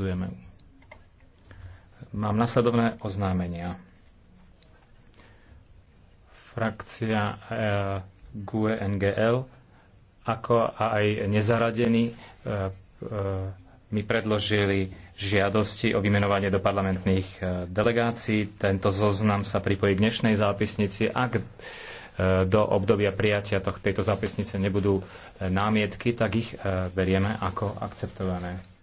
potvrdzujeme. Mám nasledovné oznámenia. Frakcia e, GUE NGL ako aj nezaradení e, eh, e, eh, mi predložili žiadosti o vymenovanie do parlamentných delegácií. Tento zoznam sa pripojí k dnešnej zápisnici. Ak do obdobia prijatia tejto zápisnice nebudú námietky, tak ich berieme ako akceptované.